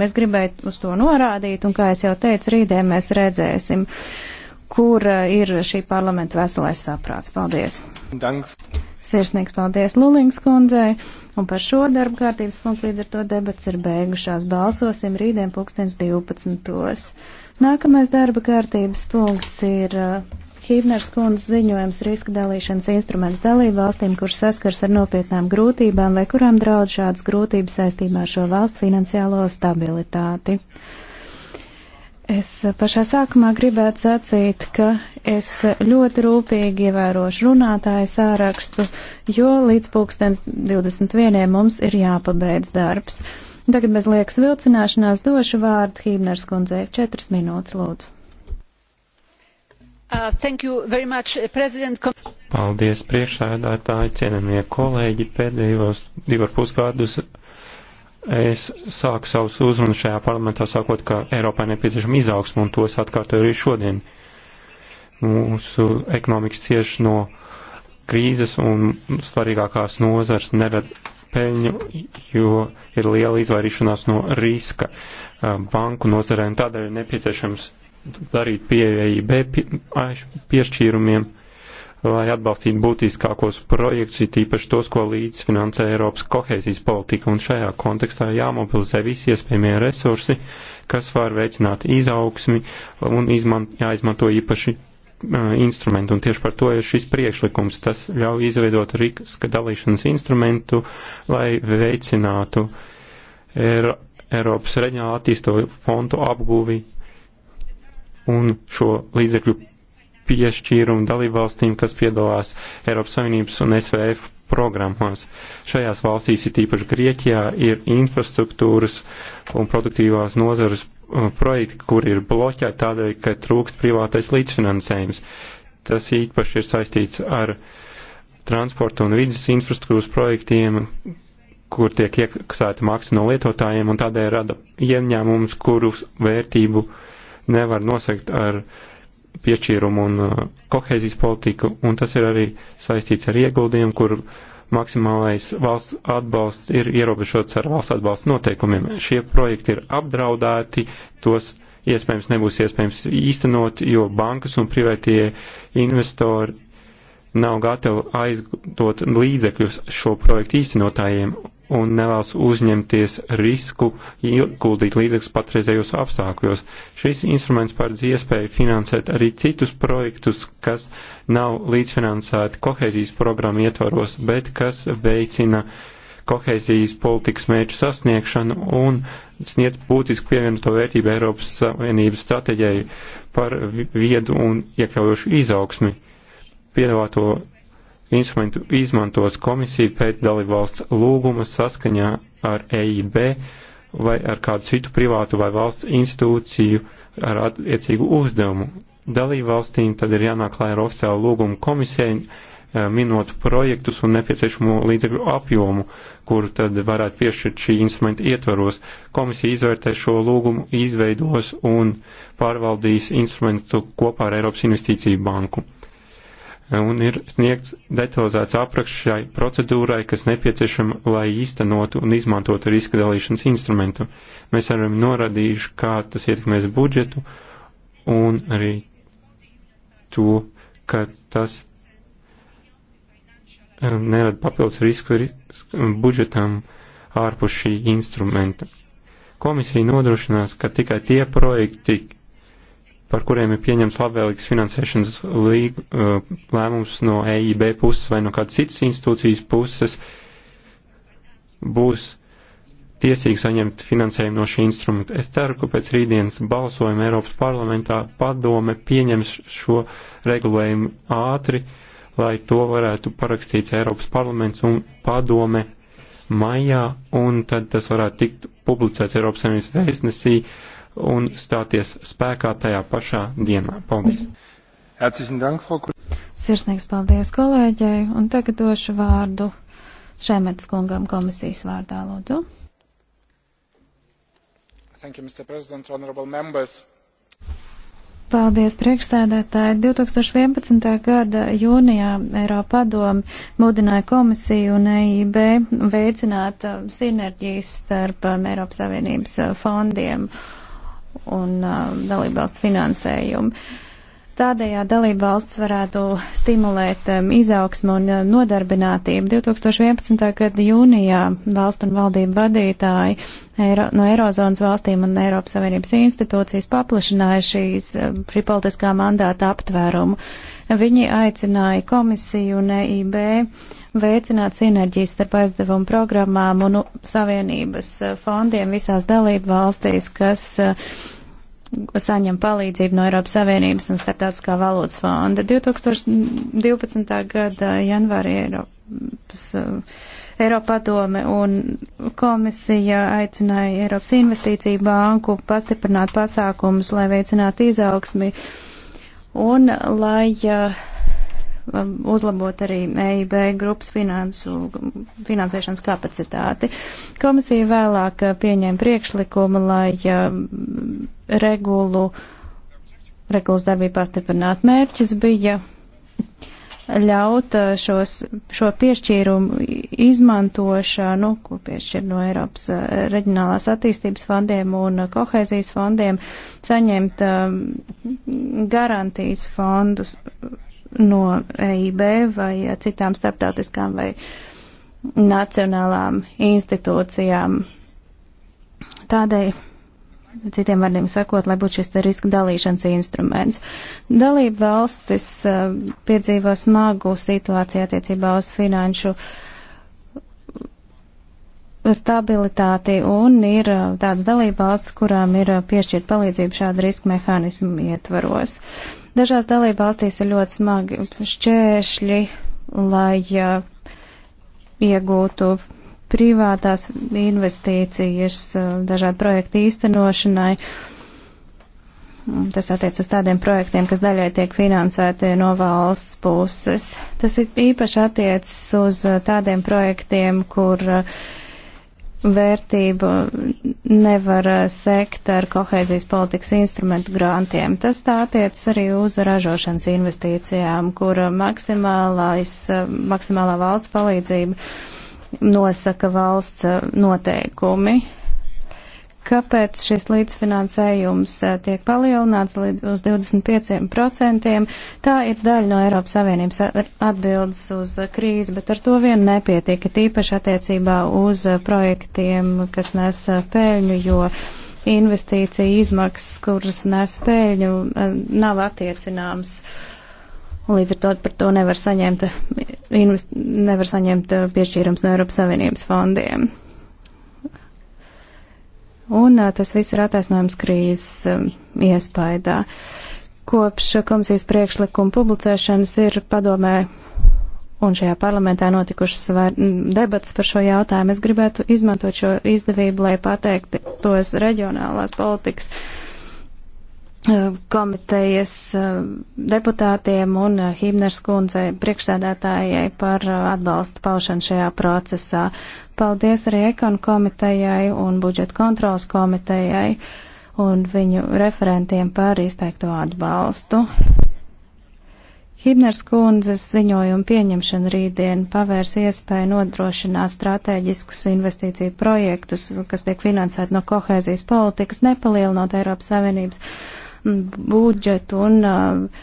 Mēs gribētu uz to norādīt, un, kā es jau teicu, rītdien mēs redzēsim, kur eh, ir šī parlamenta veselais saprāts. Paldies! Dank. Sirsnīgs paldies Lulings kundzei, un par šo darbu kārtības punktu līdz ar to debats ir beigušās. Balsosim rītdien pulkstens 12. Nākamais darba kārtības punkts ir. Eh, Hībners kundzes ziņojums riska dalīšanas instruments dalību valstīm, kuras saskars ar nopietnām grūtībām vai kurām draud šādas grūtības saistībā ar šo valstu finansiālo stabilitāti. Es pašā sākumā gribētu sacīt, ka es ļoti rūpīgi ievērošu runātāju sārakstu, jo līdz pulkstens 21. mums ir jāpabeidz darbs. Tagad bez liekas vilcināšanās došu vārdu Hībners kundzei. Četras minūtes, lūdzu. Uh, much, uh, Paldies priekšsēdētāji, cienamie kolēģi, pēdējos divus pusgadus es sāku savus uzmanus šajā parlamentā, sakot, ka Eiropai nepieciešama izaugsma, un to es atkārtoju arī šodien. Mūsu ekonomikas cieši no krīzes, un svarīgākās nozars nerad peļņu, jo ir liela izvairīšanās no riska uh, banku nozarē, un tādēļ ir nepieciešams darīt pieejībai piešķīrumiem vai atbalstīt būtiskākos projektus, it īpaši tos, ko līdzfinansē Eiropas kohēzijas politika, un šajā kontekstā jāmobilizē visi iespējamie resursi, kas var veicināt izaugsmi un izman, jāizmanto īpaši uh, instrumentu, un tieši par to ir šis priekšlikums. Tas ļauj izveidot riska dalīšanas instrumentu, lai veicinātu Eiro, Eiropas reģionāla attīstību fondu apgūvi un šo līdzekļu piešķīrumu dalībvalstīm, kas piedalās Eiropas Savienības un SVF programmās. Šajās valstīs, ir tīpaši Grieķijā, ir infrastruktūras un produktīvās nozares uh, projekti, kur ir bloķēti tādēļ, ka trūkst privātais līdzfinansējums. Tas īpaši ir saistīts ar transporta un vidas infrastruktūras projektiem, kur tiek iekasēta maksa no lietotājiem un tādēļ rada ieņēmumus, kurus vērtību uh, nevar nosegt ar piešķīrumu un uh, kohēzijas politiku, un tas ir arī saistīts ar ieguldījumu, kur maksimālais valsts atbalsts ir ierobežots ar valsts atbalsta noteikumiem. Šie projekti ir apdraudēti, tos iespējams nebūs iespējams īstenot, jo bankas un privātie investori nav gatavi aizdot līdzekļus šo projektu īstenotājiem, un nevēlas uzņemties risku ieguldīt līdzekļus patreizējos apstākļos. Šis instruments paredz iespēju finansēt arī citus projektus, kas nav līdzfinansēti kohēzijas programmu ietvaros, bet kas veicina kohēzijas politikas mērķu sasniegšanu un sniedz būtisku pievienoto vērtību Eiropas Savienības stratēģijai par viedu un iekļaujošu izaugsmi. Piedāvāto instrumentu izmantos komisija pēc dalībvalsts lūguma saskaņā ar EIB vai ar kādu citu privātu vai valsts institūciju ar attiecīgu uzdevumu. Dalībvalstīm tad ir jānāk klāj ar oficiālu lūgumu komisijai, eh, minot projektus un nepieciešamo līdzekļu apjomu, kuru tad varētu piešķirt šī instrumenta ietvaros. Komisija izvērtēs šo lūgumu, izveidos un pārvaldīs instrumentu kopā ar Eiropas Investīciju banku un ir sniegts detalizēts apraksts šai procedūrai, kas nepieciešama, lai īstenotu un izmantotu riska dalīšanas instrumentu. Mēs arī norādījuši, kā tas ietekmēs budžetu un arī to, ka tas eh, nerada papildus risku budžetam ārpus šī instrumenta. Komisija nodrošinās, ka tikai tie projekti, par kuriem ir pieņemts labvēlīgs finansēšanas līgu, uh, lēmums no EIB puses vai no kādas citas institūcijas puses, būs tiesīgi saņemt finansējumu no šī instrumenta. Es ceru, ka pēc rītdienas balsojuma Eiropas parlamentā padome pieņems šo regulējumu ātri, lai to varētu parakstīts Eiropas parlaments un padome maijā, un tad tas varētu tikt publicēts Eiropas Savienības vēstnesī. Uh, un stāties spēkā tajā pašā dienā. Paldies! Sirsnīgs paldies kolēģei, un tagad došu vārdu Šemets kungam komisijas vārdā, lūdzu. Thank you, Mr. President, honorable members. Paldies, priekšsēdētāji. 2011. gada jūnijā Eiropa padomi mudināja komisiju un EIB veicināt sinerģijas starp Eiropas Savienības fondiem. Uh, un uh, dalībvalstu finansējumu. Tādējā dalībvalsts varētu stimulēt um, izaugsmu un uh, nodarbinātību. 2011. gada jūnijā valstu un valdību vadītāji Eiro, no Eirozonas valstīm un Eiropas Savienības institūcijas paplašināja šīs um, šī politiskā mandāta aptvērumu. Viņi aicināja komisiju un EIB uh, veicināt sinerģijas starp aizdevumu programmām un nu, savienības eh, fondiem visās dalību valstīs, kas eh, saņem palīdzību no Eiropas Savienības un Startautiskā valodas fonda. 2012. gada janvārī Eiropas, eh, Eiropa padome un komisija aicināja Eiropas investīciju banku pastiprināt pasākumus, lai veicinātu izaugsmi un lai uh, Um, uzlabot arī EIB grupas finansu, finansēšanas kapacitāti. Komisija vēlāk uh, pieņēma priekšlikumu, lai um, regulu, regulas darbību pastiprināt. Mērķis bija ļaut uh, šos, šo piešķīrumu izmantošanu, ko piešķir no Eiropas uh, reģionālās attīstības fondiem un kohēzijas fondiem, saņemt um, garantijas fondus no EIB vai citām starptautiskām vai nacionālām institūcijām. Tādēļ Citiem vārdiem sakot, lai būtu šis riska dalīšanas instruments. Dalība valstis uh, piedzīvo smagu situāciju attiecībā uz finanšu stabilitāti un ir uh, tāds dalība valsts, kurām ir uh, piešķirt palīdzību šāda riska mehānismu ietvaros. Uh, Dažās dalībvalstīs ir ļoti smagi šķēršļi, lai uh, iegūtu privātās investīcijas uh, dažādu projektu īstenošanai. Tas attiec uz tādiem projektiem, kas daļai tiek finansēti no valsts puses. Tas īpaši attiec uz eh, tādiem projektiem, kur uh, vērtību nevar eh, sekt ar kohēzijas politikas instrumentu grantiem. Tas tā attiecas arī uz ražošanas investīcijām, kur eh, maksimālā valsts palīdzība nosaka valsts eh, noteikumi kāpēc šis līdzfinansējums eh, tiek palielināts līdz uz 25%. Tā ir daļa no Eiropas Savienības atbildes uz krīzi, bet ar to vien nepietika, tīpaši attiecībā uz eh, projektiem, kas nes eh, pēļņu, jo investīcija izmaksas, kuras nes pēļņu, nav attiecināmas. Līdz ar to par to nevar saņemt, invest, nevar saņemt piešķīrums no Eiropas Savienības fondiem. Un tas viss ir attaisnojums krīzes iespaidā. Kopš komisijas priekšlikuma publicēšanas ir padomē un šajā parlamentā notikušas debats par šo jautājumu. Es gribētu izmantot šo izdevību, lai pateiktu tos reģionālās politikas komitejas deputātiem un Hībners kundzei priekšsēdētājai par atbalstu paušanu šajā procesā paldies arī Ekonu komitejai un budžeta kontrolas komitejai un viņu referentiem par izteikto atbalstu. Hibners kundzes ziņojuma pieņemšana rītdien pavērs iespēju nodrošināt strateģiskus investīciju projektus, kas tiek finansēti no kohēzijas politikas, nepalielinot Eiropas Savienības budžetu un uh,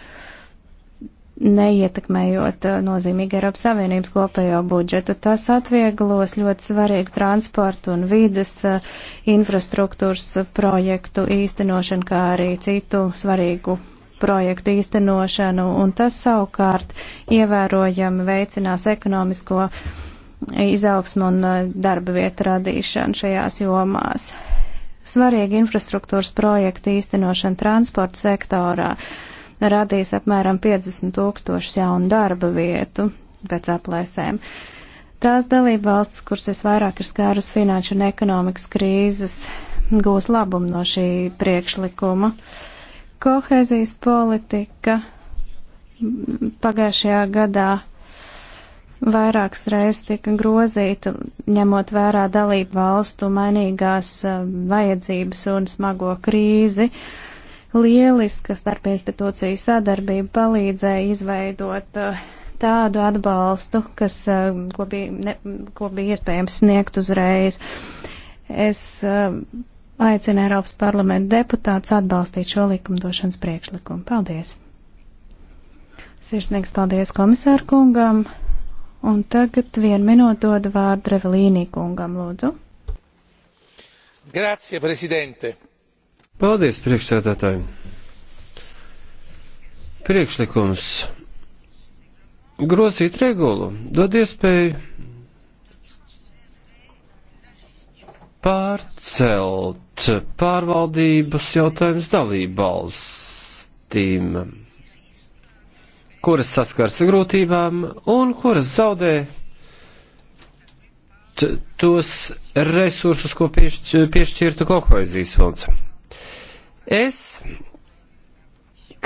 neietekmējot uh, nozīmīgi Eiropas Savienības kopējo budžetu. Tas atvieglos ļoti svarīgu transportu un vides uh, infrastruktūras uh, projektu īstenošanu, kā arī citu svarīgu projektu īstenošanu, un tas savukārt ievērojami veicinās ekonomisko izaugsmu un darba vietu radīšanu šajās jomās. Svarīgi infrastruktūras projektu īstenošana transporta sektorā. Uh, radīs apmēram 50 tūkstošus jaunu darba vietu pēc aplēsēm. Tās dalība valsts, kuras es vairāk ir skārus finanšu un ekonomikas krīzes, gūs labumu no šī priekšlikuma. Kohēzijas politika pagājušajā gadā vairākas reizes tika grozīta, ņemot vērā dalību valstu mainīgās eh, vajadzības un smago krīzi. Uh, Lieliska starpinstitūcija sadarbība palīdzēja izveidot eh, tādu atbalstu, kas, eh, ko bija, ne, ko bija iespējams sniegt uzreiz. Es eh, aicinu Eiropas parlamenta deputātus atbalstīt šo likumdošanas priekšlikumu. Paldies! Sirsnīgs paldies komisāru kungam! Un tagad vienu minūtu dod vārdu Revelīnī kungam, lūdzu. Grazie, prezidente! Paldies priekšsēdētājiem. Priekšlikums grozīt regulu dod iespēju pārcelt pārvaldības jautājums dalību valstīm, kuras saskars ar grūtībām un kuras zaudē tos resursus, ko piešķirtu kohēzijas fonds. Es,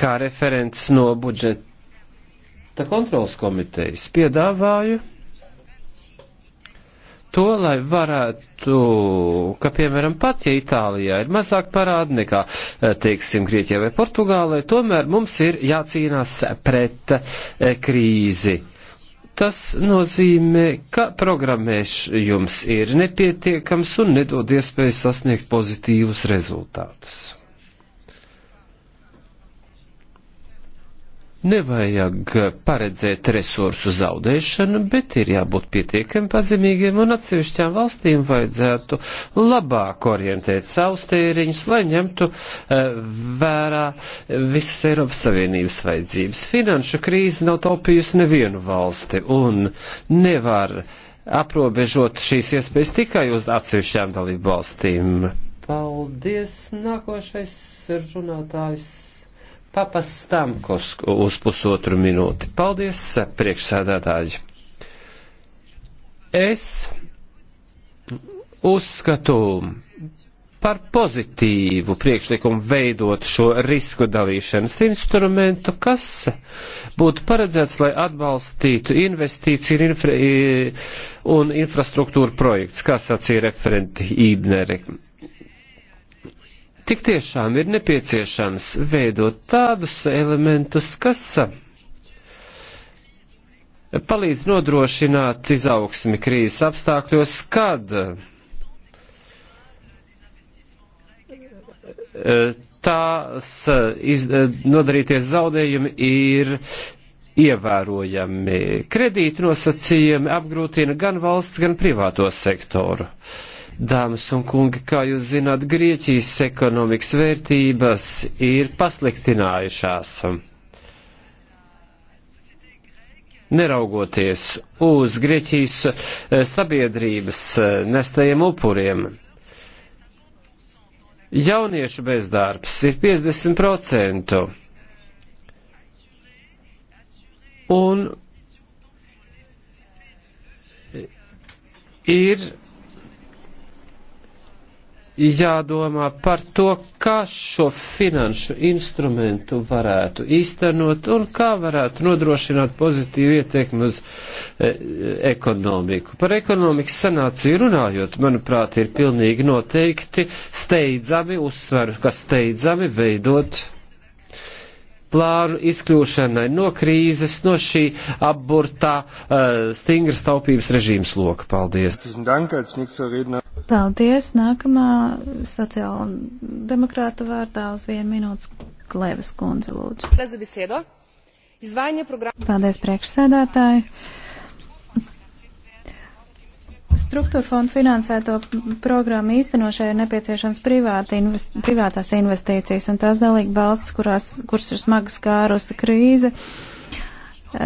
kā referents no budžeta kontrolas komitejas, piedāvāju to, lai varētu, ka, piemēram, pat ja Itālijā ir mazāk parādi nekā, eh, teiksim, Grieķijā vai Portugālē, tomēr mums ir jācīnās pret eh, krīzi. Tas nozīmē, ka programmēšs jums ir nepietiekams un nedod iespēju sasniegt pozitīvus rezultātus. Nevajag paredzēt resursu zaudēšanu, bet ir jābūt pietiekami pazemīgiem un atsevišķām valstīm vajadzētu labāk orientēt savus tēriņus, lai ņemtu eh, vērā visas Eiropas Savienības vajadzības. Finanšu krīze nav taupījusi nevienu valsti un nevar aprobežot šīs iespējas tikai uz atsevišķām dalību valstīm. Paldies! Nākošais runātājs. Papas Stamkos uz pusotru minūti. Paldies, priekšsēdētāji. Es uzskatu par pozitīvu priekšlikumu veidot šo risku dalīšanas instrumentu, kas būtu paredzēts, lai atbalstītu investīciju infra un infrastruktūru projekts, kā sacīja referenti Ībneri Tik tiešām ir nepieciešams veidot tādus elementus, kas palīdz nodrošināt izaugsmi krīzes apstākļos, kad tās iz, nodarīties zaudējumi ir ievērojami. Kredītu nosacījumi apgrūtina gan valsts, gan privāto sektoru. Uh, Dāmas un kungi, kā jūs zināt, Grieķijas ekonomikas vērtības ir pasliktinājušās. Neraugoties uz Grieķijas eh, sabiedrības eh, nestajiem upuriem, jauniešu bezdarbs ir 50%. Un ir jādomā par to, kā šo finanšu instrumentu varētu īstenot un kā varētu nodrošināt pozitīvu ietekmi uz e, ekonomiku. Par ekonomikas sanāciju runājot, manuprāt, ir pilnīgi noteikti steidzami, uzsveru, ka steidzami veidot plānu izkļūšanai no krīzes, no šī apburtā uh, stingras taupības režīmas loka. Paldies! Paldies! Nākamā sociāla demokrāta vārdā uz vienu minūtes Klevas kundze lūdzu. Paldies, priekšsēdētāji! Struktūra fondu finansēto programmu īstenošai ir nepieciešams privāti invest, privātās investīcijas, un tās dalība valsts, kurās, kuras ir smagas kārusi krīze,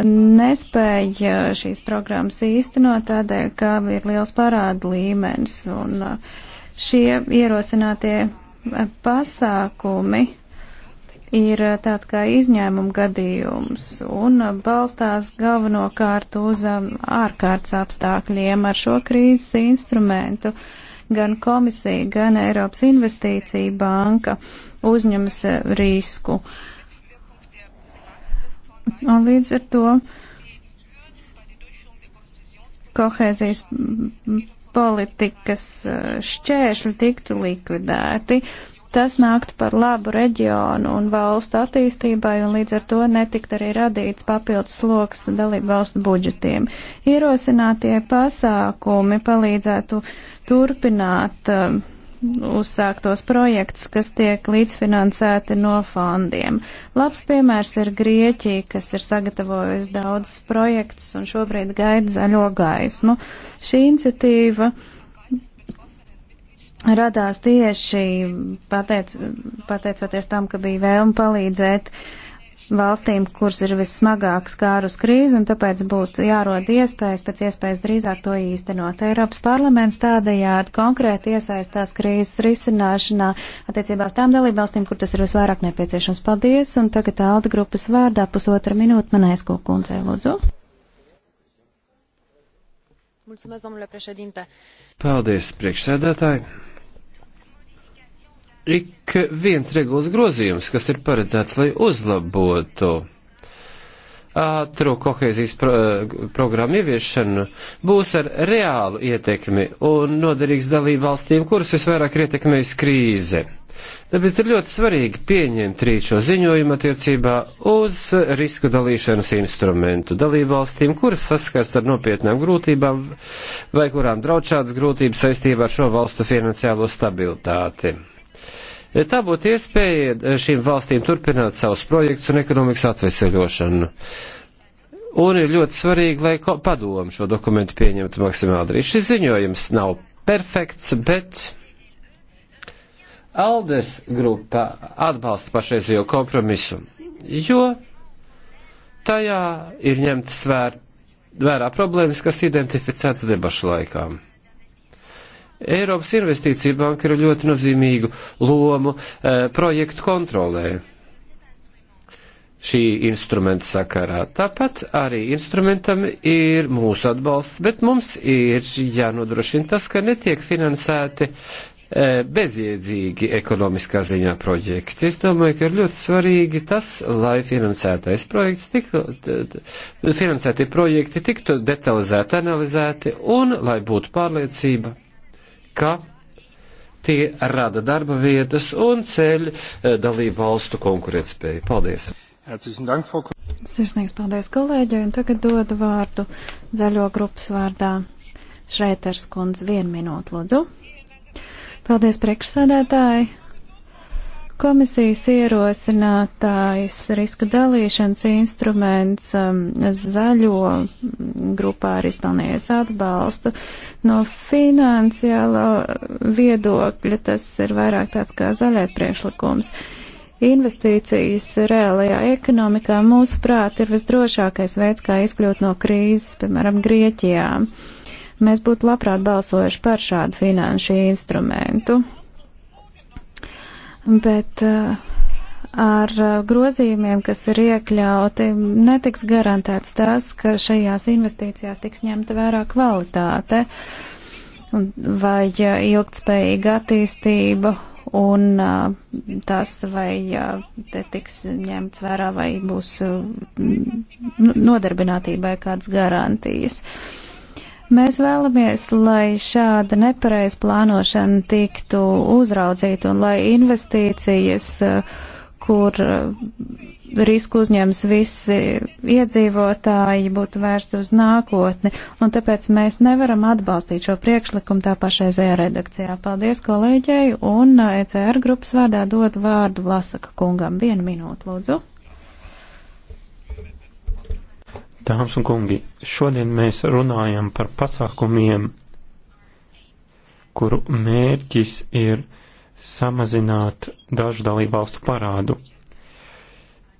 nespēja šīs programmas īstenot tādēļ, ka ir liels parāda līmenis, un uh, šie ierosinātie uh, pasākumi ir eh, tāds kā izņēmuma gadījums un eh, balstās galvenokārt uz eh, ārkārtas apstākļiem ar šo krīzes instrumentu. Gan komisija, gan Eiropas investīcija banka uzņemas risku. Un līdz ar to kohēzijas politikas šķēršļi tiktu likvidēti. Tas nākt par labu reģionu un valstu attīstībai, un līdz ar to netikt arī radīts papildus sloks dalību valstu budžetiem. Ierosinātie pasākumi palīdzētu turpināt uh, uzsāktos projektus, kas tiek līdzfinansēti no fondiem. Labs piemērs ir Grieķija, kas ir sagatavojusi daudzus projektus un šobrīd gaida zaļo gaismu. Šī iniciatīva. Uh, radās tieši pateic, pateicoties tam, ka bija vēlme palīdzēt valstīm, kuras ir vissmagāk skārus krīzi, un tāpēc būtu jārod iespējas pēc iespējas drīzāk to īstenot. Eiropas parlaments tādējādi konkrēti iesaistās krīzes risināšanā attiecībās tām dalībvalstīm, kur tas ir visvairāk nepieciešams. Paldies, un tagad Alda grupas vārdā pusotra minūte manais kokundzei, lūdzu. Paldies, priekšsēdētāji! ik viens regulas grozījums, kas ir paredzēts, lai uzlabotu ātru kohēzijas pro, eh, programmu ieviešanu, būs ar reālu ietekmi un noderīgs dalību valstīm, kuras visvairāk ir ietekmējusi krīze. Tāpēc ir ļoti svarīgi pieņemt rīčo ziņojumu attiecībā uz risku dalīšanas instrumentu dalībvalstīm, kuras saskars ar nopietnām grūtībām vai kurām draud šādas grūtības saistībā ar šo valstu finansiālo stabilitāti. Tā būtu iespēja eh, šīm valstīm turpināt savus projektus un ekonomikas atveseļošanu. Un ir ļoti svarīgi, lai padomu šo dokumentu pieņemtu maksimāli drīz. Šis ziņojums nav perfekts, bet Aldes grupa atbalsta pašreizējo kompromisu, jo tajā ir ņemtas vēr, vērā problēmas, kas identificētas debašu laikām. Eiropas investīcija banka ir ļoti nozīmīgu lomu e, projektu kontrolē šī instrumenta sakarā. Tāpat arī instrumentam ir mūsu atbalsts, bet mums ir jānodrošina tas, ka netiek finansēti eh, bezjēdzīgi ekonomiskā ziņā projekti. Es domāju, ka ir ļoti svarīgi tas, lai finansētais projekts tiktu, finansētie projekti tiktu detalizēti analizēti un lai būtu pārliecība ka tie rada darba vietas un ceļ eh, dalību valstu konkurētspēju. Paldies! Sirsnīgs paldies kolēģi, un tagad dodu vārdu zaļo grupas vārdā Šreiters kundz vienu minūtu, lūdzu. Paldies priekšsēdētāji! Komisijas ierosinātājs riska dalīšanas instruments um, zaļo grupā ir izpelnījies atbalstu. No finansiālo viedokļa tas ir vairāk tāds kā zaļais priekšlikums. Investīcijas reālajā ekonomikā mūsuprāt ir visdrošākais veids, kā izkļūt no krīzes, piemēram, Grieķijā. Mēs būtu labprāt balsojuši par šādu finanšu instrumentu bet eh, ar eh, grozījumiem, kas ir iekļauti, netiks garantēts tas, ka šajās investīcijās tiks ņemta vērā kvalitāte vai eh, ilgtspējīga attīstība un tas, vai te tiks ņemts vērā vai būs mm, nodarbinātībai kādas garantijas. Uh, Mēs vēlamies, lai šāda nepareiz plānošana tiktu uzraudzīta un lai investīcijas, eh, kur eh, risku uzņems visi iedzīvotāji, būtu vērsti uz nākotni. Un tāpēc mēs nevaram atbalstīt šo priekšlikumu tā pašreizējā redakcijā. Paldies kolēģei un ECR eh, e grupas vārdā dod vārdu Vlasaka kungam. Vienu minūtu, lūdzu. Dāmas un kungi, šodien mēs runājam par pasākumiem, kuru mērķis ir samazināt dažu dalībvalstu parādu.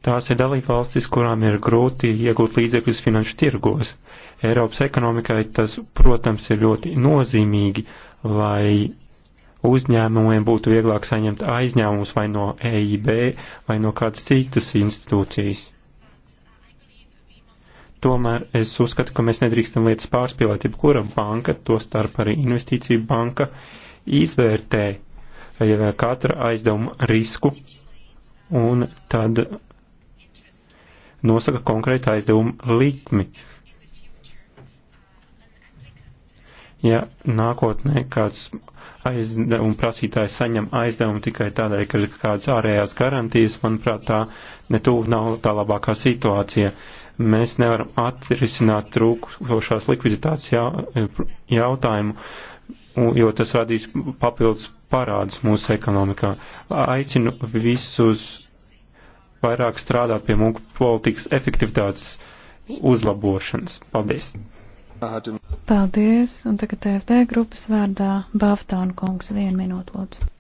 Tās ir dalībvalstis, kurām ir grūti iegūt līdzekļus finanšu tirgos. Eiropas ekonomikai tas, protams, ir ļoti nozīmīgi, lai uzņēmumiem būtu vieglāk saņemt aizņēmumus vai no EIB vai no kādas citas institūcijas. Tomēr es uzskatu, ka mēs nedrīkstam lietas pārspīlēt, ja kura banka, to starp arī investīcija banka, izvērtē eh, katra aizdevuma risku un tad nosaka konkrēta aizdevuma likmi. Ja nākotnē kāds aizdevuma prasītājs saņem aizdevumu tikai tādēļ, ka ir kādas ārējās garantijas, manuprāt, tā netūk nav tā labākā situācija. Uh, Mēs nevaram atrisināt trūkošās likviditātes e, jautājumu, jo tas radīs papildus parādus mūsu ekonomikā. Aicinu visus vairāk strādāt pie mūsu politikas efektivitātes uzlabošanas. Paldies! Paldies, un tagad TFD grupas vārdā Baftāna kungs vienu minūtu lūdzu.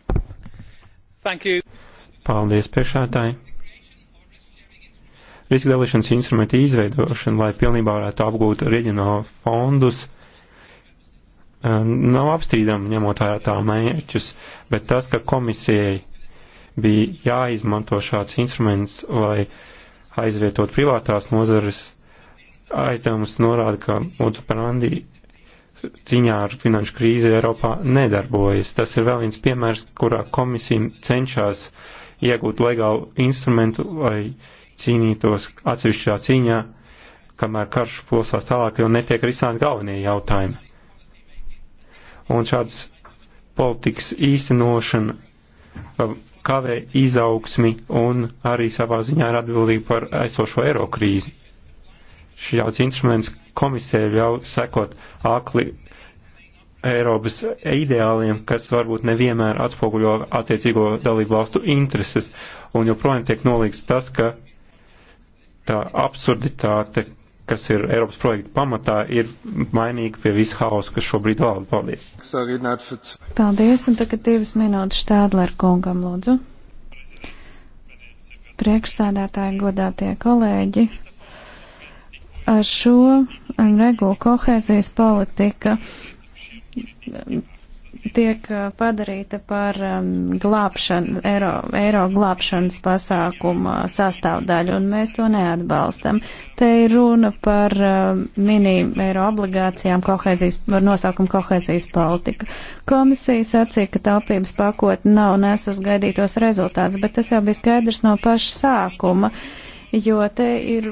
Paldies, priekšētāji! riska dalīšanas instrumenta izveidošana, lai pilnībā varētu apgūt reģionālu fondus, nav apstrīdama ņemot vērā tā mērķus, bet tas, ka komisijai bija jāizmanto šāds instruments, lai aizvietot privātās nozares aizdevumus, norāda, ka mūsu parandī ciņā ar finanšu krīzi Eiropā nedarbojas. Tas ir vēl viens piemērs, kurā komisija cenšas iegūt legālu instrumentu, lai uh, cīnītos atsevišķā cīņā, kamēr karš plosās tālāk, jo netiek risināti galvenie jautājumi. Un šāds politikas īstenošana um, kavē izaugsmi un arī savā ziņā ir atbildīga par aizsošo eiro krīzi. Šāds instruments komisēju ļauj sekot akli Eiropas ideāliem, kas varbūt nevienmēr atspoguļo attiecīgo dalību valstu intereses, un joprojām tiek nolīgts tas, ka tā absurditāte, kas ir Eiropas projekta pamatā, ir mainīga pie visa hausa, kas šobrīd valda. Paldies! Paldies, un tagad divas minūtes Štādler kungam lūdzu. Priekšsēdētāji, godātie kolēģi, ar šo regulu kohēzijas politika tiek uh, padarīta par um, glābšanu, eiro, eiro glābšanas pasākuma sastāvdaļu, un mēs to neatbalstam. Te ir runa par um, mini eiro obligācijām kohēzijas, ar nosaukumu kohēzijas politika. Komisija sacīja, ka taupības pakotne nav nesus gaidītos rezultāts, bet tas jau bija skaidrs no paša sākuma. Uh, jo te ir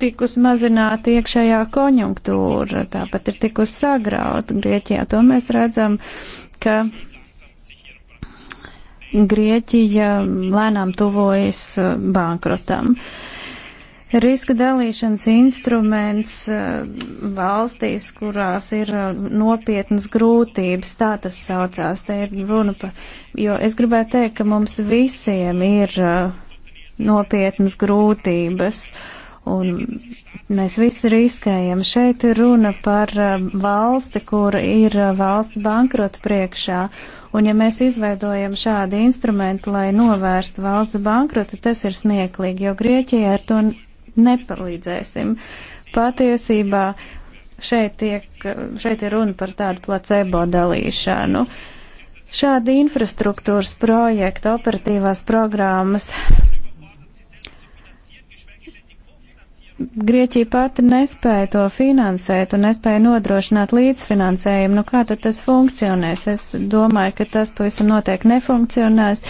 tikus mazināta iekšējā konjunktūra, tāpat ir tikus sagraut Grieķijā. To mēs redzam, ka Grieķija lēnām tuvojas uh, bankrotam. Riska dalīšanas instruments uh, valstīs, kurās ir uh, nopietnas grūtības, tā tas saucās, te ir runa pa, jo es gribētu teikt, ka mums visiem ir uh, nopietnas grūtības. Un mēs visi riskējam. Šeit ir runa par eh, valsti, kur ir eh, valsts bankrota priekšā. Un ja mēs izveidojam šādu instrumentu, lai novērstu valsts bankrotu, tas ir smieklīgi, jo Grieķijai ar to nepalīdzēsim. Patiesībā šeit, tiek, šeit ir runa par tādu placebo dalīšanu. Šādi infrastruktūras projekti, operatīvās programmas Grieķija pati nespēja to finansēt un nespēja nodrošināt līdzfinansējumu. Nu, kā tad tas funkcionēs? Es domāju, ka tas pavisam noteikti nefunkcionēs.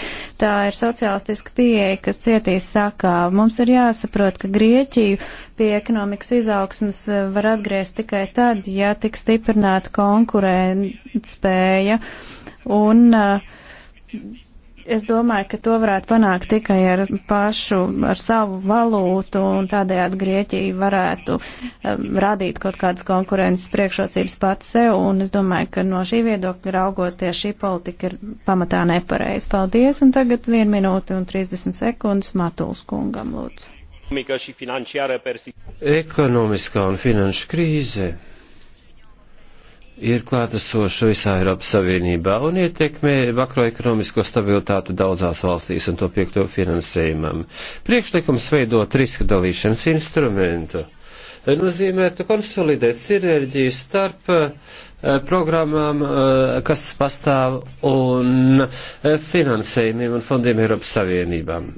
Tā ir sociālistiska pieeja, kas cietīs sakā. Mums ir jāsaprot, ka Grieķiju pie ekonomikas izaugsmas eh, var atgriezt tikai tad, ja tik stiprināta konkurētspēja un uh, Es domāju, ka to varētu panākt tikai ar pašu, ar savu valūtu, un tādējādi Grieķija varētu um, radīt kaut kādas konkurences priekšrocības pati sev, un es domāju, ka no šī viedokļa raugoties šī politika ir pamatā nepareiz. Paldies, un tagad 1 minūte un 30 sekundes Matuls kungam, lūdzu. Ekonomiskā un finanšu krīze ir klātesoša visā Eiropas Savienībā un ietekmē makroekonomisko stabilitāti daudzās valstīs un to piekļuvu finansējumam. Priekšlikums veidot riska dalīšanas instrumentu nozīmētu konsolidēt sinerģiju starp eh, programmām, eh, kas pastāv un eh, finansējumiem un fondiem Eiropas Savienībām.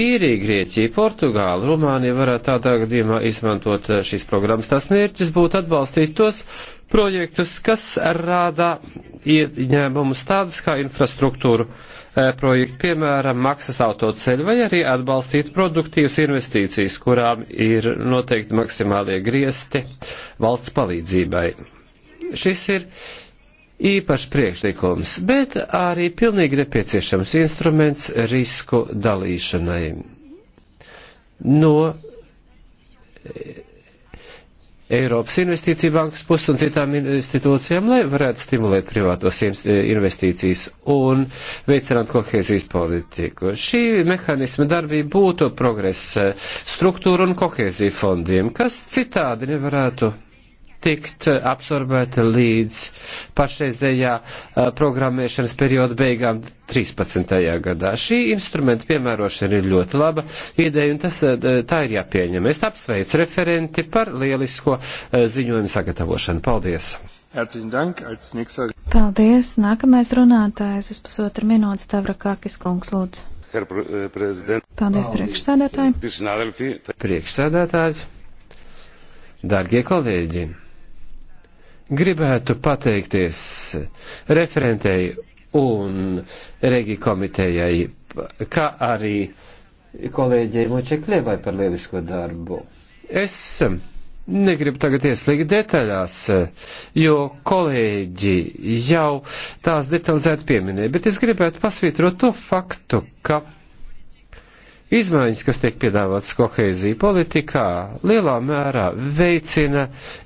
Īrija, Grieķija, Portugāla, Rumānija varētu tādā gadījumā izmantot šīs programmas. Tas mērķis būtu atbalstīt tos, projektus, kas rada ieņēmumus tādus kā infrastruktūru e, projektu, piemēram, maksas autoceļu vai arī atbalstīt produktīvas investīcijas, kurām ir noteikti maksimālie griesti valsts palīdzībai. Šis ir īpašs priekšlikums, bet arī pilnīgi nepieciešams instruments risku dalīšanai no Eiropas Investīcija bankas puses un citām institūcijām, lai varētu stimulēt privātos investīcijas un veicināt kohēzijas politiku. Šī mehānisma darbība būtu progress struktūra un kohēzija fondiem, kas citādi nevarētu tikt absorbēta līdz pašreizējā programmēšanas perioda beigām 13. gadā. Šī instrumenta piemērošana ir ļoti laba ideja, un tas, tā ir jāpieņem. Es apsveicu referenti par lielisko ziņojumu sagatavošanu. Paldies! Paldies! Nākamais runātājs uz pusotru minūtes Tavrakakis kungs lūdzu. Eh, Paldies, priekšsēdētāji. Priekšsēdētājs, dārgie kolēģi, Gribētu pateikties referentei un Regi komitejai, kā arī kolēģei Močekļevai par lielisko darbu. Es negribu tagad ieslīgt detaļās, jo kolēģi jau tās detalizēti pieminēja, bet es gribētu pasvītrot to faktu, ka Izmaiņas, kas tiek piedāvātas kohēzija politikā, lielā mērā veicina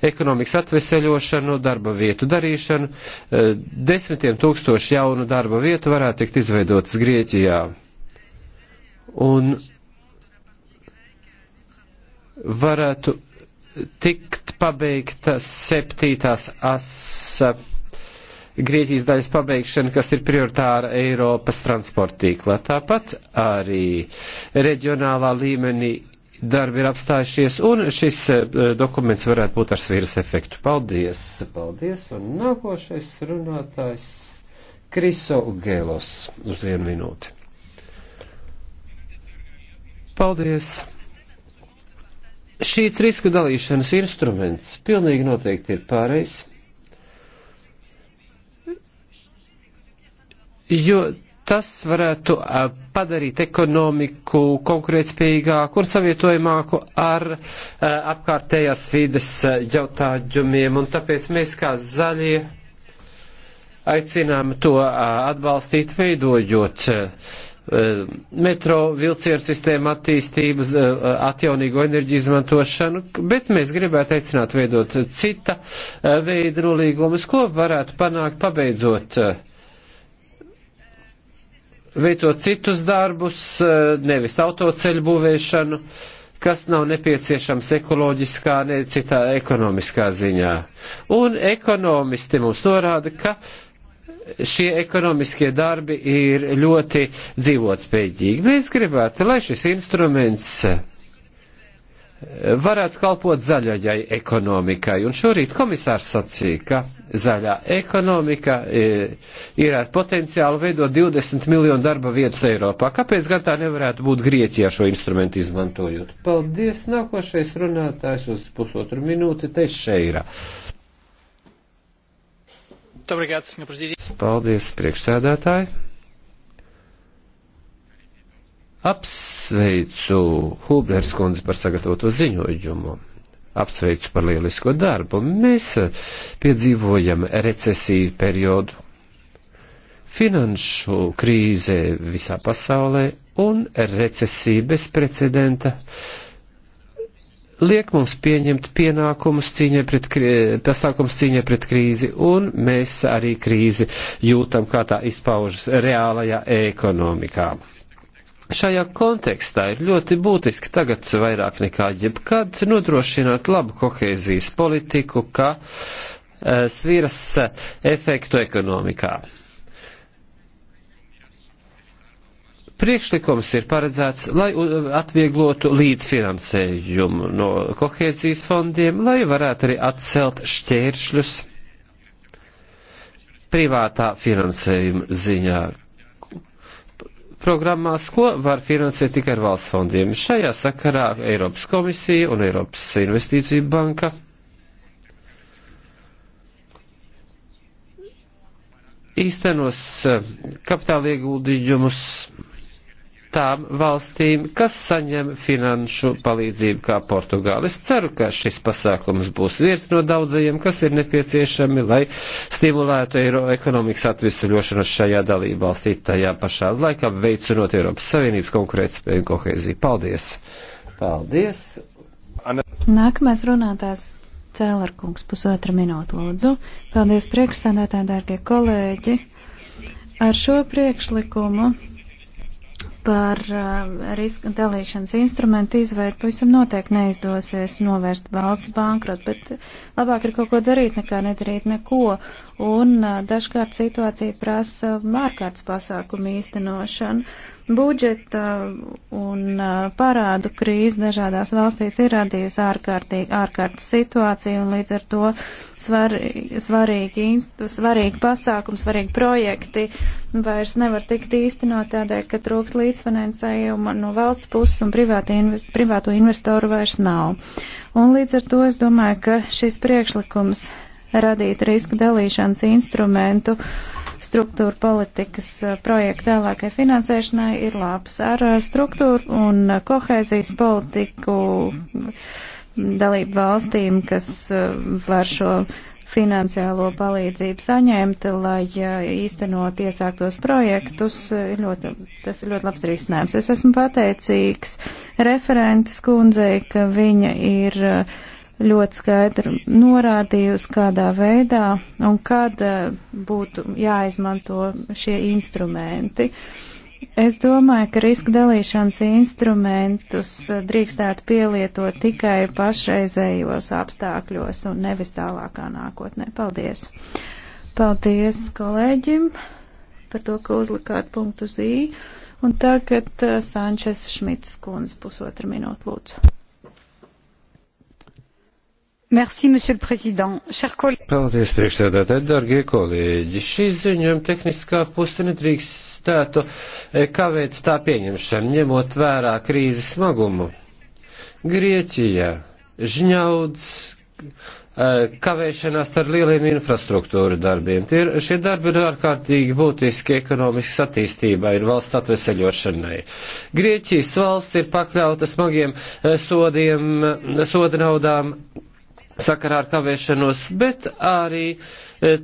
ekonomikas atveseļošanu, darba vietu darīšanu. Eh, desmitiem tūkstoši jaunu darba vietu varētu tikt izveidotas Grieķijā. Un varētu tikt pabeigta septītās asa Grieķijas daļas pabeigšana, kas ir prioritāra Eiropas transporttīklā. Tāpat arī reģionālā līmenī darbi ir apstājušies, un šis eh, dokuments varētu būt ar svīras efektu. Paldies! Paldies! Un nākošais runātājs Kriso Gēlos uz vienu minūti. Paldies! Šīs risku dalīšanas instruments pilnīgi noteikti ir pārējais jo tas varētu padarīt ekonomiku konkurētspējīgāku un savietojamāku ar apkārtējās vides jautājumiem. Un tāpēc mēs kā zaļie aicinām to atbalstīt, veidojot metro vilcienu sistēmu attīstību, atjaunīgo enerģiju izmantošanu, bet mēs gribētu aicināt veidot cita veida nolīgumus, ko varētu panākt pabeidzot uh, veicot citus darbus, eh, nevis autoceļu būvēšanu, kas nav nepieciešams ekoloģiskā, ne citā ekonomiskā ziņā. Un ekonomisti mums norāda, ka šie ekonomiskie darbi ir ļoti dzīvotspējīgi. Mēs gribētu, lai šis instruments varētu kalpot zaļajai ekonomikai. Un šorīt komisārs sacīja, ka zaļā ekonomika e, ir ar potenciālu veidot 20 miljonu darba vietas Eiropā. Kāpēc gan tā nevarētu būt Grieķijā šo instrumentu izmantojot? Paldies, nākošais runātājs uz pusotru minūti Tešeira. Paldies, priekšsēdētāji. Apsveicu Hubners kundzi par sagatavoto ziņojumu. Apsveicu par lielisko darbu. Mēs eh, piedzīvojam recesiju periodu, finanšu krīze visā pasaulē un recesija bezprecedenta liek mums pieņemt pienākumus cīņai pret, pasākums cīņai pret krīzi, un mēs arī krīzi jūtam, kā tā izpaužas reālajā ekonomikā. Šajā kontekstā ir ļoti būtiski tagad vairāk nekā jebkad nodrošināt labu kohēzijas politiku, kā e, sviras e, efektu ekonomikā. Priekšlikums ir paredzēts, lai atvieglotu līdzfinansējumu no kohēzijas fondiem, lai varētu arī atcelt šķēršļus privātā finansējuma ziņā, programmās, ko var finansēt tikai ar valsts fondiem. Šajā sakarā Eiropas komisija un Eiropas investīcija banka īstenos eh, kapitāla ieguldījumus tām valstīm, kas saņem finanšu palīdzību kā Portugāla. Es ceru, ka šis pasākums būs viens no daudzajiem, kas ir nepieciešami, lai stimulētu eiro ekonomikas atvesaļošanos šajā dalība valstī tajā pašā laikā, veicinot Eiropas Savienības konkurētspēju un kohēziju. Paldies! Paldies! Nākamais runātājs Cēlarkungs, pusotra minūte, lūdzu. Paldies priekšsēdētāji, dārgie kolēģi! Ar šo priekšlikumu par uh, riska dalīšanas instrumentu izveidu pavisam noteikti neizdosies novērst valsts bankrotu, bet labāk ir kaut ko darīt nekā nedarīt neko. Un uh, dažkārt situācija prasa ārkārtas pasākumu īstenošanu. Budžeta un parādu krīze dažādās valstīs ir radījusi ārkārtīgi, ārkārtas situāciju un līdz ar to svar, svarīgi, svarīgi pasākumi, svarīgi projekti vairs nevar tikt īstenot tādēļ, ka trūks līdzfinansējuma no valsts puses un invest, privātu investoru vairs nav. Un līdz ar to es domāju, ka šis priekšlikums radīt riska dalīšanas instrumentu uh, struktūra politikas eh, projektu tālākai finansēšanai ir labs. Ar eh, struktūru un eh, kohēzijas politiku mm, dalību valstīm, kas var šo finansiālo palīdzību saņemt, lai īstenot iesāktos projektus. Ļoti, tas ir ļoti labs risinājums. Es esmu pateicīgs referentes kundzei, ka viņa ir uh, ļoti skaidri norādījusi, kādā veidā un kad eh, būtu jāizmanto šie instrumenti. Es domāju, ka riska dalīšanas instrumentus eh, drīkstētu pielietot tikai pašreizējos apstākļos un nevis tālākā nākotnē. Paldies! Paldies kolēģim par to, ka uzlikāt punktu zī. Un tagad eh, Sančes Šmits kundze pusotra minūte lūdzu. Merci, monsieur le président. Chers collègues. Paldies, priekšsēdētāji, dargie kolēģi. Šīs ziņojuma tehniskā puse nedrīkstētu eh, kavēt tā pieņemšanu, ņemot vērā krīzes smagumu. Grieķija, žņauds, eh, kavēšanās ar lieliem infrastruktūra darbiem. Tie, šie darbi ir ārkārtīgi būtiski ekonomiskas attīstībai un valsts atveseļošanai. Grieķijas valsts ir pakļauta smagiem eh, sodiem, soda naudām sakarā ar kavēšanos, bet arī e,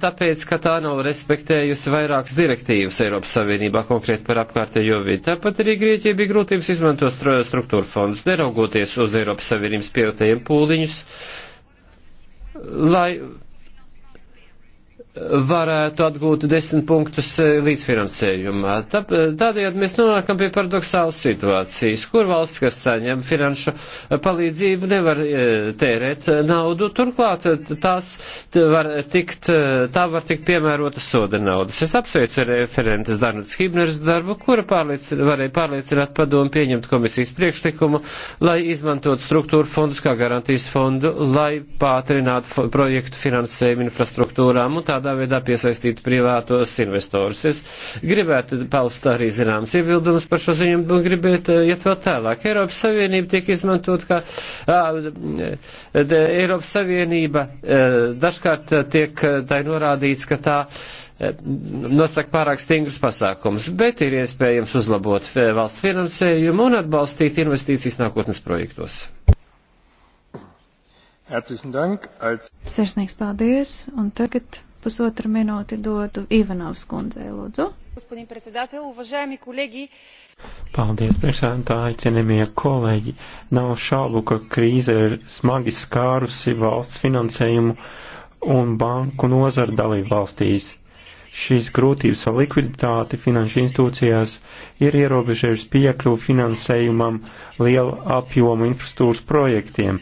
tāpēc, ka tā nav respektējusi vairākas direktīvas Eiropas Savienībā, konkrēti par apkārtējo vidi. Tāpat arī Grieķija bija grūtības izmantot struktūra fondus, neraugoties uz Eiropas Savienības pieliktajiem pūliņus, lai varētu atgūt desmit punktus e, līdzfinansējumā. E, tādējādi mēs nonākam pie paradoxālas situācijas, kur valsts, kas saņem finanšu palīdzību, nevar e, tērēt naudu, turklāt tās var tikt, tā var tikt piemērota soda naudas. Es apsveicu referentes Darnuts Hibners darbu, kura pārliecin, varēja pārliecināt padomu pieņemt komisijas priekšlikumu, lai izmantot struktūru fondus kā garantijas fondu, lai pātrinātu projektu finansējumu infrastruktūrām un tādā kādā veidā piesaistīt privātos investorus. Es gribētu paust arī zināms iebildumus par šo ziņu un gribētu iet vēl tālāk. Eiropas Savienība tiek izmantot kā ā, de, Eiropas Savienība dažkārt tiek tai norādīts, ka tā nosaka pārāk stingrus pasākumus, bet ir iespējams uzlabot valsts finansējumu un atbalstīt investīcijas nākotnes projektos. Herzlichen Dank. Als... Sirsnīgs paldies, un tagad Pusotru minūti dodu Ivanovs kundzei, lūdzu. Paldies, priekšsēdētāji, cienījamie kolēģi. Nav šaubu, ka krīze ir smagi skārusi valsts finansējumu un banku nozaru dalību valstīs. Šīs grūtības ar likviditāti finanšu institūcijās ir ierobežējušas piekļuvu finansējumam lielu apjomu infrastruktūras projektiem,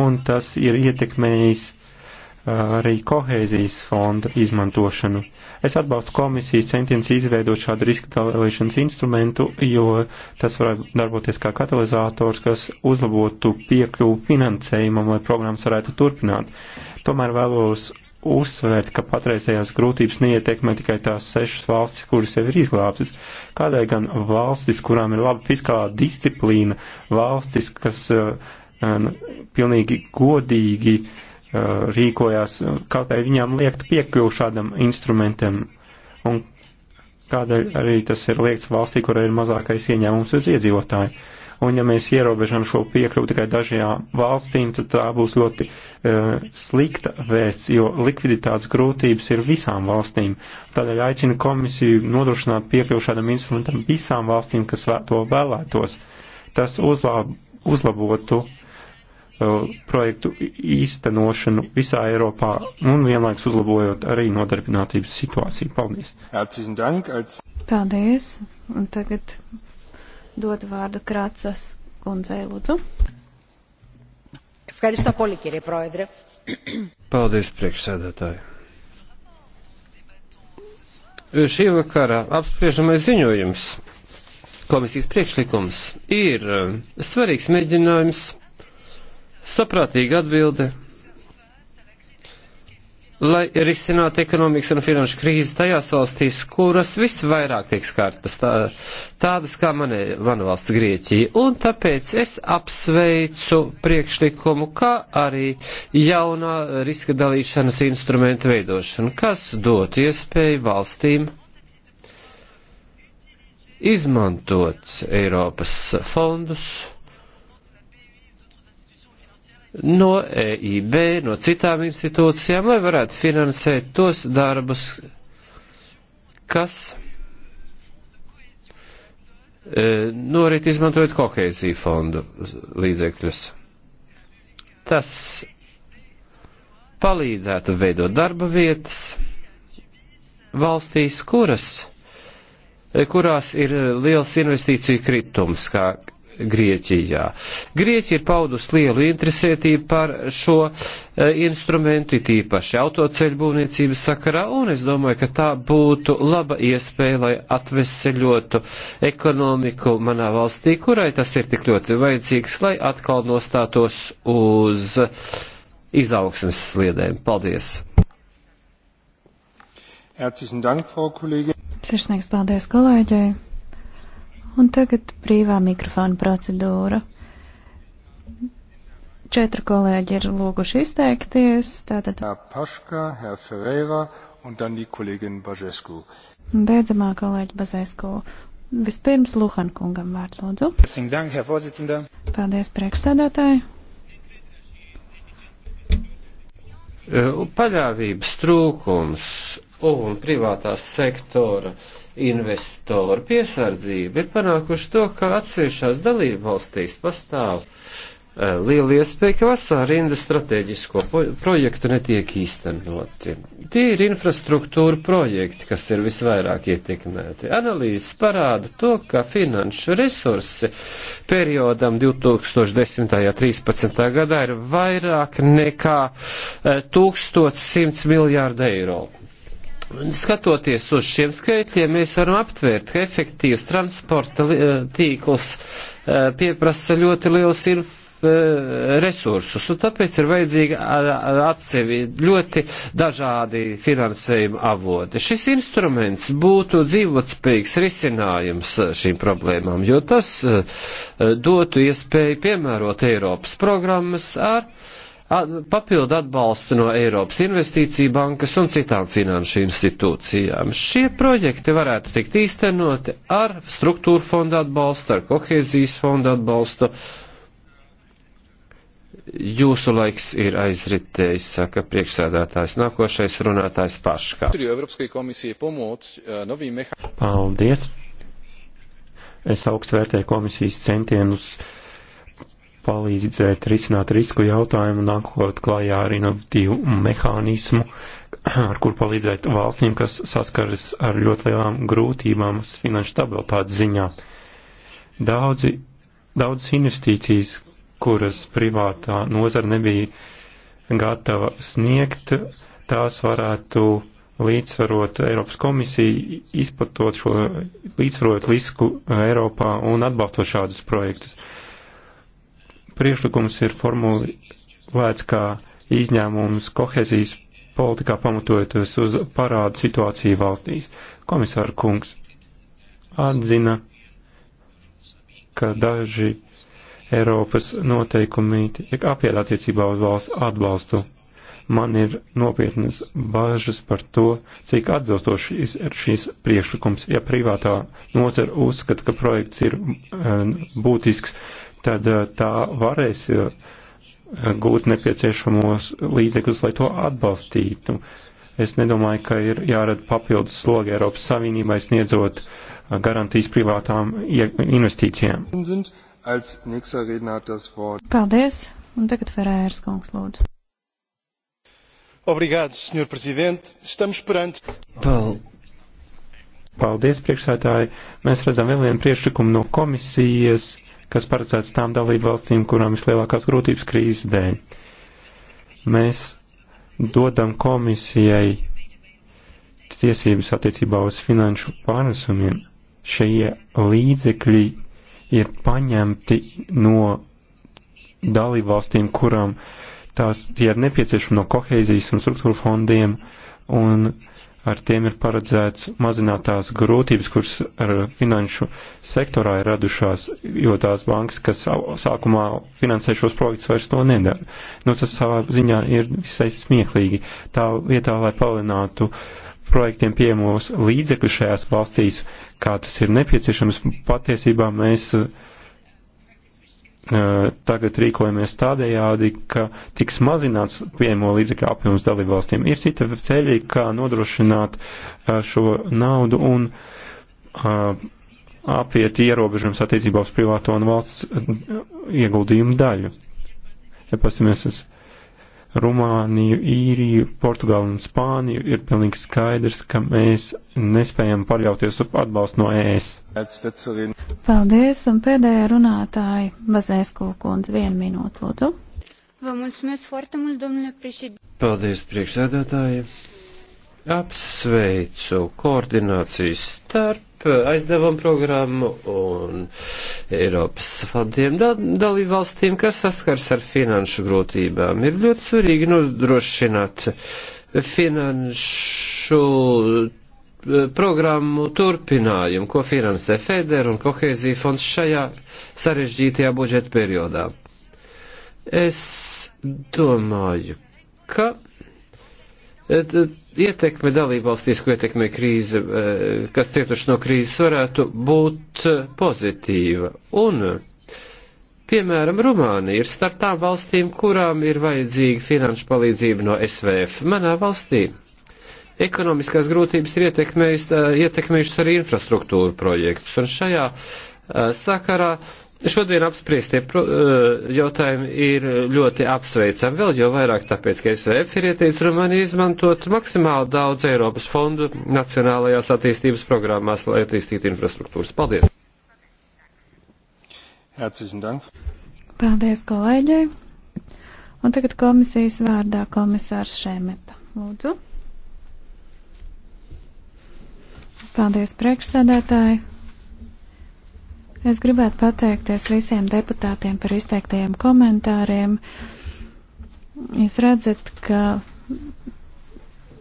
un tas ir ietekmējis arī kohēzijas fonda izmantošanu. Es atbalstu komisijas centienus izveidot šādu riska dalīšanas instrumentu, jo tas var darboties kā katalizators, kas uzlabotu piekļuvu finansējumam, lai programmas varētu turpināt. Tomēr vēlos uzsvērt, ka patreizējās grūtības neietekmē tikai tās sešas valstis, kuras jau ir izglābtas. Kādai gan valstis, kurām ir laba fiskālā disciplīna, valstis, kas uh, pilnīgi godīgi uh, rīkojās, kaut arī viņām liekt piekļuvu šādam instrumentam. Un kādēļ arī tas ir liekts valstī, kurai ir mazākais ieņēmums uz iedzīvotāju. Un ja mēs ierobežam šo piekļuvu tikai dažajām valstīm, tad tā būs ļoti uh, slikta vēsts, jo likviditātes grūtības ir visām valstīm. Tādēļ aicinu komisiju nodrošināt piekļuvu šādam instrumentam visām valstīm, kas to vēlētos. Tas uzlab, uzlabotu Uh, projektu īstenošanu visā Eiropā un vienlaiks uzlabojot arī nodarbinātības situāciju. Paldies! Paldies! Un tagad dod vārdu Krācas kundzei Lūdzu. Paldies, priekšsēdētāji! Šī vakara apspriežamais ziņojums, komisijas priekšlikums, ir uh, svarīgs mēģinājums saprātīga atbilde, lai risinātu ekonomikas un finanšu krīzi tajās valstīs, kuras visvairāk tiek skartas, tā, tādas kā mani, mana valsts Grieķija. Un tāpēc es apsveicu priekšlikumu, kā arī jaunā riska dalīšanas instrumenta veidošanu, kas dot iespēju valstīm izmantot Eiropas fondus no EIB, no citām institūcijām, lai varētu finansēt tos darbus, kas e, norit izmantojot kohēziju fondu līdzekļus. Tas palīdzētu veidot darba vietas valstīs, kuras, e, kurās ir liels investīciju kritums, kā Grieķijā. Grieķija ir paudus lielu interesētību par šo e, instrumentu, it īpaši autoceļu būvniecības sakarā, un es domāju, ka tā būtu laba iespēja, lai atveseļotu ekonomiku manā valstī, kurai tas ir tik ļoti vajadzīgs, lai atkal nostātos uz izaugsmes sliedēm. Paldies! Herzlichen Dank, Frau Kollegin. Sirsnīgs paldies kolēģei. Un tagad brīvā mikrofona procedūra. Četri kolēģi ir lūguši izteikties. Tātad. Paška, Herr Ferreira un dann die Kollegin Bazescu. Beidzamā kolēģi Bazescu. Vispirms Luhan kungam vārds lūdzu. Paldies, priekšsēdētāji. Eh, paļāvības trūkums un privātās sektora investoru piesardzība ir panākuši to, ka atsevišķās dalību valstīs pastāv uh, liela iespēja, ka vasāra rinda strateģisko projektu netiek īstenoti. Tie ir infrastruktūra projekti, kas ir visvairāk ietekmēti. Analīzes parāda to, ka finanšu resursi periodam 2010. un 2013. gadā ir vairāk nekā uh, 1100 miljārdu eiro skatoties uz šiem skaitļiem, mēs varam aptvērt, ka efektīvs transporta eh, tīkls eh, pieprasa ļoti liels informācijas eh, resursus, un tāpēc ir vajadzīgi atsevi ļoti dažādi finansējuma avoti. Šis instruments būtu dzīvotspējīgs risinājums šīm problēmām, jo tas dotu iespēju piemērot Eiropas programmas ar uh, papildu atbalstu no Eiropas Investīcija bankas un citām finanšu institūcijām. Šie projekti varētu tikt īstenoti ar struktūra fonda atbalstu, ar kohēzijas fonda atbalstu. Jūsu laiks ir aizritējis, saka priekšsēdētājs. Nākošais runātājs paškā. Eh, Paldies! Es augstu vērtēju komisijas centienus palīdzēt risināt risku jautājumu, nākot klājā ar inovatīvu mehānismu, ar kur palīdzēt valstīm, kas saskaras ar ļoti lielām grūtībām finanšu stabilitātes ziņā. Daudzi, daudz investīcijas, kuras privātā nozara nebija gatava sniegt, tās varētu līdzsvarot Eiropas komisiju, izplatot šo līdzsvarot risku Eiropā un atbalstot šādus projektus. Uh, priekšlikums ir formulēts kā izņēmums kohezijas politikā pamatojoties uz parādu situāciju valstīs. Komisāra kungs atzina, ka daži Eiropas noteikumi tiek apiet attiecībā uz valsts atbalstu. Man ir nopietnas bažas par to, cik atbilstoši ir šīs priekšlikums, ja privātā nozara uzskata, ka projekts ir eh, būtisks tad eh, tā varēs eh, gūt nepieciešamos līdzekļus, lai to atbalstītu. Es nedomāju, ka ir jārada papildus slogi Eiropas Savienībai sniedzot eh, garantijas privātām investīcijām. Paldies, un tagad Ferērs kungs lūdzu. Obrigado, Sr. Presidente. Estamos perante. Pal Paldies, priekšsētāji. Mēs redzam vēl vienu priekšlikumu no komisijas kas paredzēts tām dalību valstīm, kurām vislielākās grūtības krīzes dēļ. Mēs dodam komisijai tiesības attiecībā uz finanšu pārnesumiem. Šie līdzekļi ir paņemti no dalībvalstīm, kurām tās tie ir nepieciešami no koheizijas un struktūra fondiem, un uh, ar tiem ir paredzēts mazināt tās grūtības, kuras ar finanšu sektorā ir radušās, jo tās bankas, kas sākumā finansē šos projektus, vairs to nedara. Nu, tas savā ziņā ir visai smieklīgi. Tā vietā, lai palinātu projektiem piemos līdzekļu šajās valstīs, kā tas ir nepieciešams, patiesībā mēs uh, Eh, tagad rīkojamies tādējādi, ka tiks mazināts pieejamo līdzekļu apjoms dalībvalstīm. Ir cita ceļi, kā nodrošināt eh, šo naudu un eh, apiet ierobežojums attiecībā uz privāto un valsts ieguldījumu daļu. Ja pasimies uz Rumāniju, Īriju, Portugālu un Spāniju, ir pilnīgi skaidrs, ka mēs nespējam paļauties uz atbalstu no ES. Paldies, un pēdējā runātāja Bazēsku kundze, vienu minūtu, lūdzu. Paldies, priekšsēdētāji. Apsveicu koordinācijas starp aizdevumu programmu un Eiropas fondiem dalībvalstīm, kas saskars ar finanšu grūtībām. Ir ļoti svarīgi nodrošināt finanšu eh, programmu turpinājumu, ko finansē Feder un Kohēzija fonds šajā sarežģītajā budžeta periodā. Es domāju, ka Eh, ietekme dalībvalstīsku ietekme krīze, eh, kas cietuši no krīzes, varētu būt eh, pozitīva. Un, piemēram, Rumānija ir starp tām valstīm, kurām ir vajadzīga finanšu palīdzība no SVF. Manā valstī ekonomiskās grūtības ir ietekmējušas arī infrastruktūru projektus. Un šajā sakarā uh, Šodien apspriestie eh, jautājumi ir ļoti apsveicami, vēl jau vairāk tāpēc, ka SVF ir ieteicis Rumāniju izmantot maksimāli daudz Eiropas fondu nacionālajās attīstības programmās, lai attīstītu infrastruktūras. Paldies! Paldies kolēģei! Un tagad komisijas vārdā komisārs Šemeta. Lūdzu! Paldies priekšsēdētāji! Es gribētu pateikties visiem deputātiem par izteiktajiem komentāriem. Jūs redzat, ka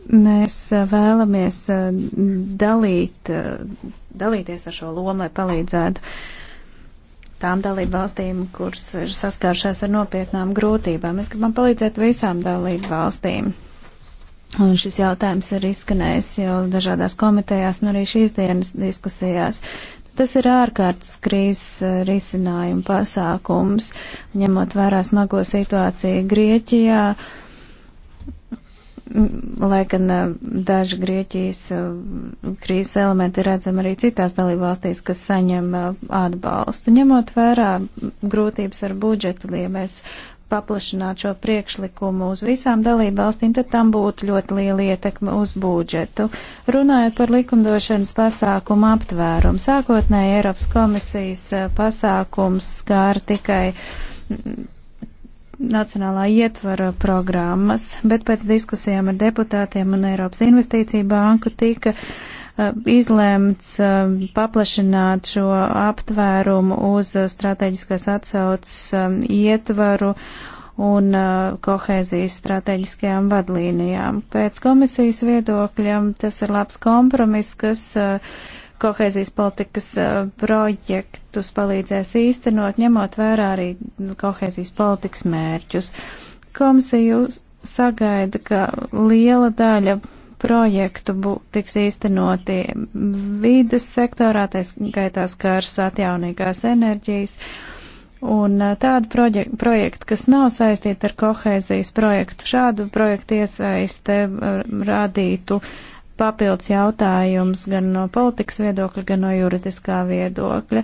mēs eh, vēlamies eh, dalīt, eh, dalīties ar šo lomu, lai palīdzētu tām dalību valstīm, kuras ir saskāršās ar nopietnām grūtībām. Mēs gribam palīdzēt visām dalību valstīm. Un šis jautājums ir izskanējis jau dažādās komitejās un arī šīs dienas diskusijās. Tas ir ārkārtas krīzes eh, risinājuma pasākums, ņemot vērā smago situāciju Grieķijā, mm, lai gan eh, daži Grieķijas eh, krīzes elementi ir redzami arī citās dalībvalstīs, kas saņem atbalstu. Ņemot vērā grūtības ar budžetu, ja mēs paplašināt šo priekšlikumu uz visām dalību valstīm, tad tam būtu ļoti liela ietekme uz budžetu. Runājot par likumdošanas pasākumu aptvērumu, sākotnēji Eiropas komisijas eh, pasākums skāra tikai mm, Nacionālā ietvara programmas, bet pēc diskusijām ar deputātiem un Eiropas investīciju banku tika uh, Eh, izlēmts eh, paplašināt šo aptvērumu uz eh, strateģiskās atsaucas ietvaru un kohēzijas strateģiskajām vadlīnijām. Pēc komisijas viedokļam tas ir labs kompromiss, kas kohēzijas politikas projektus palīdzēs īstenot, ņemot vērā arī nu, kohēzijas politikas mērķus. Komisija sagaida, ka liela daļa projektu bū, tiks īstenoti vides sektorā, tā skaitā skars atjaunīgās enerģijas. Un tādu projektu, projektu, kas nav saistīti ar kohēzijas projektu, šādu projektu iesaiste radītu papildus jautājums gan no politikas viedokļa, gan no juridiskā viedokļa.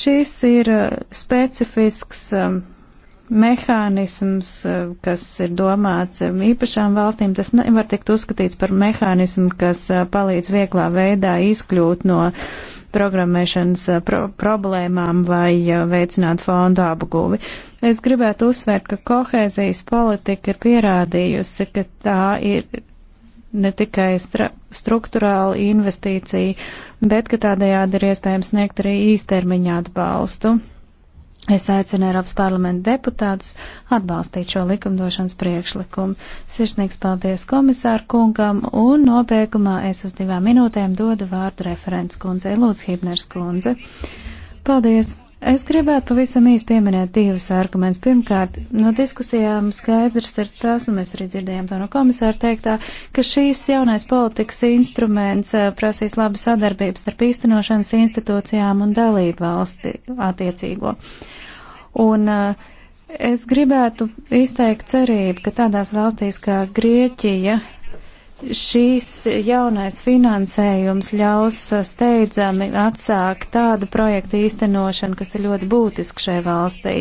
Šis ir specifisks um, mehānisms, eh, kas ir domāts eh, īpašām valstīm, tas nevar tikt uzskatīts par mehānismu, kas eh, palīdz vieglā veidā izkļūt no programmēšanas pro problēmām vai veicināt fondu apguvi. Es gribētu uzsvērt, ka kohēzijas politika ir pierādījusi, ka tā ir ne tikai struktūrāla investīcija, bet ka tādējādi ir iespējams sniegt arī īstermiņā atbalstu. Es aicinu Eiropas parlamenta deputātus atbalstīt šo likumdošanas priekšlikumu. Sirsnīgs paldies komisāru kungam un nobeigumā es uz divām minūtēm dodu vārdu referents kundzei Lūdzu Hibners kundze. Paldies! Es gribētu pavisam īsi pieminēt divus argumentus. Pirmkārt, no diskusijām skaidrs ir tas, un mēs arī dzirdējām to no komisāra teiktā, ka šīs jaunais politikas instruments eh, prasīs labu sadarbību starp īstenošanas institūcijām un dalību valsti attiecīgo. Un uh, es gribētu izteikt cerību, ka tādās valstīs kā Grieķija, Šīs jaunais finansējums ļaus steidzami atsākt tādu projektu īstenošanu, kas ir ļoti būtiski šai valstī.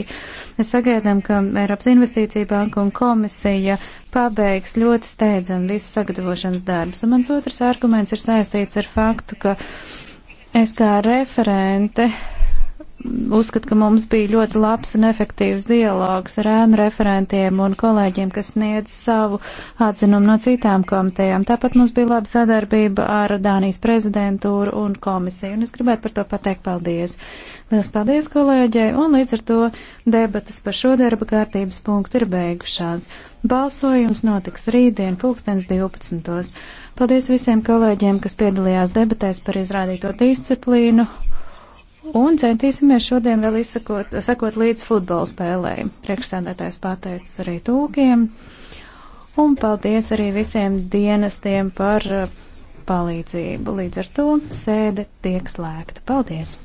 Mēs sagaidām, ka Eiropas Investīcija banka un komisija pabeigs ļoti steidzami visu sagatavošanas darbus. Un mans otrs arguments ir saistīts ar faktu, ka es kā referente uzskatu, ka mums bija ļoti labs un efektīvs dialogs ar ēnu referentiem un kolēģiem, kas sniedz savu atzinumu no citām komitejām. Tāpat mums bija laba sadarbība ar Dānijas prezidentūru un komisiju, un es gribētu par to pateikt paldies. Lielas paldies kolēģei, un līdz ar to debatas par šo darba kārtības punktu ir beigušās. Balsojums notiks rītdien, pulkstens 12. Paldies visiem kolēģiem, kas piedalījās debatēs par izrādīto disciplīnu Un centīsimies šodien vēl izsakot, sakot līdz futbola spēlēm. Priekšstādātājs pateicis arī tūkiem. Un paldies arī visiem dienestiem par uh, palīdzību. Līdz ar to sēde tiek slēgta. Paldies!